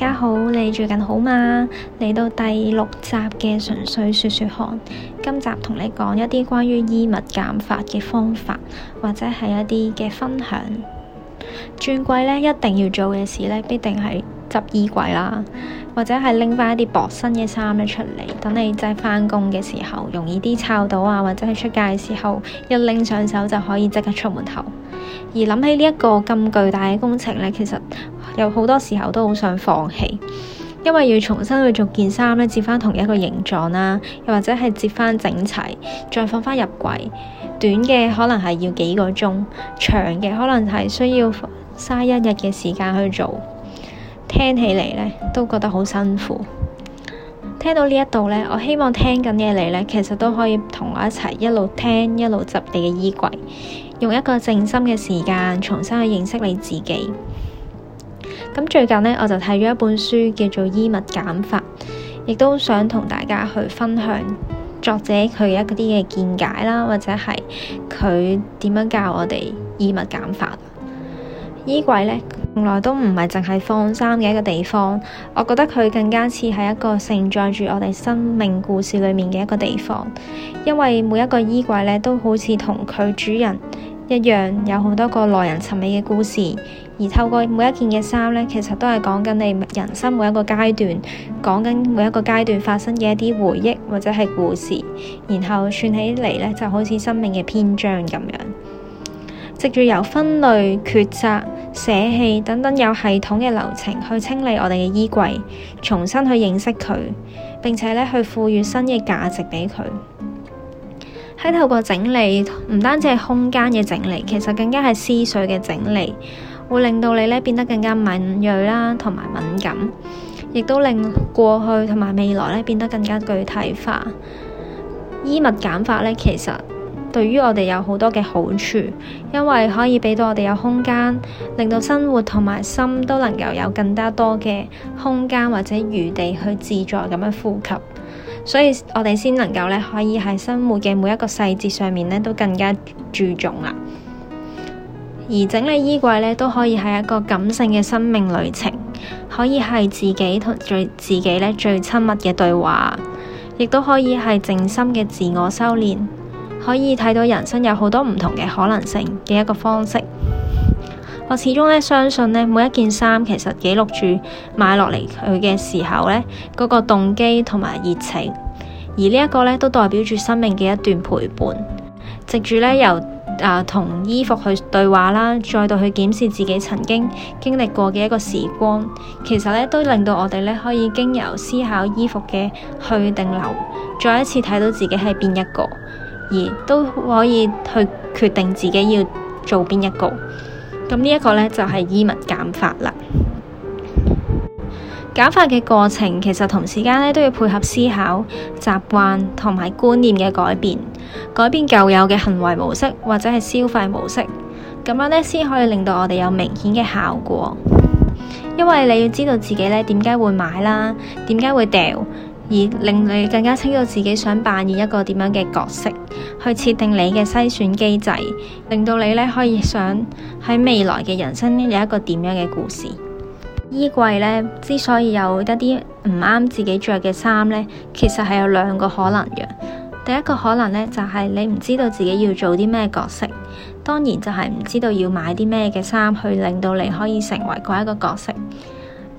大家好，你最近好嗎？嚟到第六集嘅純粹說說看，今集同你講一啲關於衣物減法嘅方法，或者係一啲嘅分享。轉季呢，一定要做嘅事呢，必定係執衣櫃啦，或者係拎翻一啲薄身嘅衫出嚟，等你再返工嘅時候容易啲摷到啊，或者係出街嘅時候一拎上手就可以即刻出門口。而諗起呢一個咁巨大嘅工程呢，其實有好多時候都好想放棄，因為要重新去做件衫咧，折翻同一個形狀啦，又或者係折翻整齊，再放返入櫃，短嘅可能係要幾個鐘，長嘅可能係需要嘥一日嘅時間去做，聽起嚟，呢，都覺得好辛苦。聽到呢一度呢，我希望聽緊嘅你呢，其實都可以同我一齊一路聽，一路執你嘅衣櫃，用一個靜心嘅時間，重新去認識你自己。咁最近呢，我就睇咗一本書，叫做《衣物減法》，亦都想同大家去分享作者佢一啲嘅見解啦，或者係佢點樣教我哋衣物減法。衣櫃呢。從來都唔係淨係放衫嘅一個地方，我覺得佢更加似係一個承載住我哋生命故事裏面嘅一個地方，因為每一個衣櫃呢，都好似同佢主人一樣，有好多個耐人尋味嘅故事。而透過每一件嘅衫呢，其實都係講緊你人生每一個階段，講緊每一個階段發生嘅一啲回憶或者係故事，然後串起嚟呢，就好似生命嘅篇章咁樣。藉住由分類抉擇。捨棄等等有系統嘅流程去清理我哋嘅衣櫃，重新去認識佢，並且咧去賦予新嘅價值俾佢。喺透過整理，唔單止係空間嘅整理，其實更加係思緒嘅整理，會令到你咧變得更加敏銳啦，同埋敏感，亦都令過去同埋未來咧變得更加具體化。衣物減法咧，其實。對於我哋有好多嘅好處，因為可以俾到我哋有空間，令到生活同埋心都能夠有更加多嘅空間或者餘地去自在咁樣呼吸，所以我哋先能夠咧可以喺生活嘅每一個細節上面咧都更加注重啦。而整理衣櫃咧都可以係一個感性嘅生命旅程，可以係自己同最自己咧最親密嘅對話，亦都可以係靜心嘅自我修煉。可以睇到人生有好多唔同嘅可能性嘅一個方式。我始終咧相信咧，每一件衫其實記錄住買落嚟佢嘅時候咧嗰，那個動機同埋熱情，而呢一個咧都代表住生命嘅一段陪伴。藉住咧由啊同，呃、衣服去對話啦，再到去檢視自己曾經經歷過嘅一個時光，其實咧都令到我哋咧可以經由思考衣服嘅去定留，再一次睇到自己係邊一個。而都可以去決定自己要做邊一個。咁呢一個呢，就係衣物減法啦。減法嘅過程其實同時間呢都要配合思考習慣同埋觀念嘅改變，改變舊有嘅行為模式或者係消費模式，咁樣呢，先可以令到我哋有明顯嘅效果。因為你要知道自己呢點解會買啦，點解會掉。而令你更加清楚自己想扮演一個點樣嘅角色，去設定你嘅篩選機制，令到你咧可以想喺未來嘅人生咧有一個點樣嘅故事。衣櫃咧之所以有一啲唔啱自己着嘅衫咧，其實係有兩個可能嘅。第一個可能咧就係你唔知道自己要做啲咩角色，當然就係唔知道要買啲咩嘅衫去令到你可以成為嗰一個角色。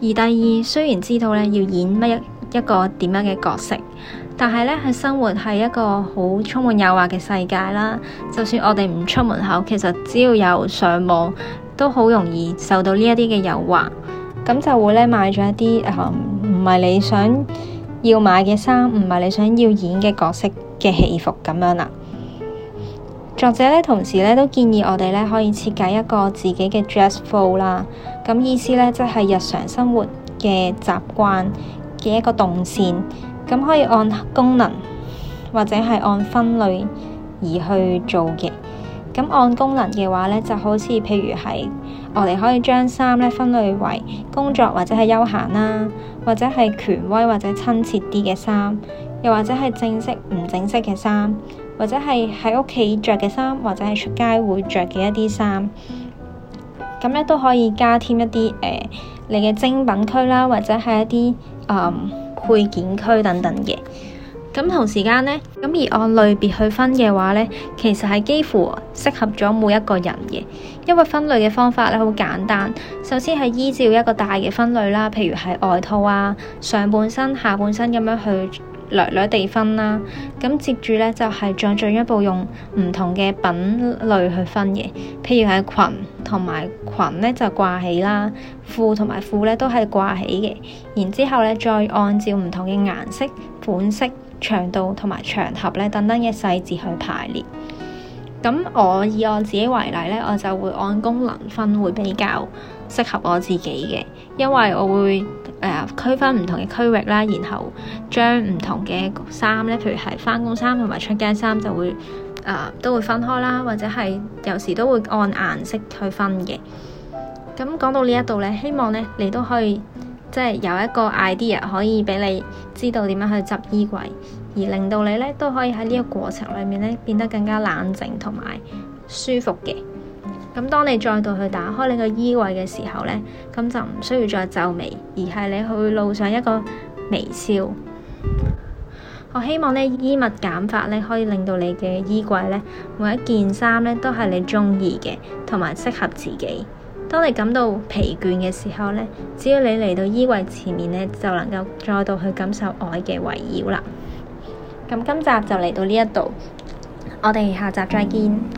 而第二雖然知道咧要演乜一。一個點樣嘅角色，但係咧，喺生活係一個好充滿誘惑嘅世界啦。就算我哋唔出門口，其實只要有上網，都好容易受到呢一啲嘅誘惑，咁就會咧買咗一啲誒唔係你想要買嘅衫，唔係你想要演嘅角色嘅戲服咁樣啦。作者咧，同時咧都建議我哋咧可以設計一個自己嘅 dressful 啦，咁意思咧即係日常生活嘅習慣。嘅一個動線，咁可以按功能或者係按分類而去做嘅。咁按功能嘅話呢，就好似譬如係我哋可以將衫呢分類為工作或者係休閒啦，或者係權威或者親切啲嘅衫，又或者係正式唔正式嘅衫，或者係喺屋企着嘅衫，或者係出街會着嘅一啲衫。咁咧都可以加添一啲誒、呃、你嘅精品區啦，或者係一啲，Um, 配件區等等嘅，咁同時間呢，咁而按類別去分嘅話呢，其實係幾乎適合咗每一個人嘅，因為分類嘅方法咧好簡單，首先係依照一個大嘅分類啦，譬如係外套啊、上半身、下半身咁樣去。略略地分啦，咁接住呢，就係再進一步用唔同嘅品類去分嘅，譬如係裙同埋裙呢，就掛起啦，褲同埋褲呢，都係掛起嘅，然之後呢再按照唔同嘅顏色、款式、長度同埋場合呢等等嘅細節去排列。咁我以我自己為例呢，我就會按功能分會比較適合我自己嘅，因為我會誒、呃、區分唔同嘅區域啦，然後將唔同嘅衫咧，譬如係返工衫同埋出街衫就會誒、呃、都會分開啦，或者係有時都會按顏色去分嘅。咁講到呢一度咧，希望咧你都可以即係有一個 idea 可以俾你知道點樣去執衣櫃，而令到你咧都可以喺呢一個過程裡面咧變得更加冷靜同埋舒服嘅。咁當你再度去打開你個衣櫃嘅時候呢，咁就唔需要再皺眉，而係你去露上一個微笑。我希望呢衣物減法呢，可以令到你嘅衣櫃呢，每一件衫呢，都係你中意嘅同埋適合自己。當你感到疲倦嘅時候呢，只要你嚟到衣櫃前面呢，就能夠再度去感受愛嘅圍繞啦。咁今集就嚟到呢一度，我哋下集再見。嗯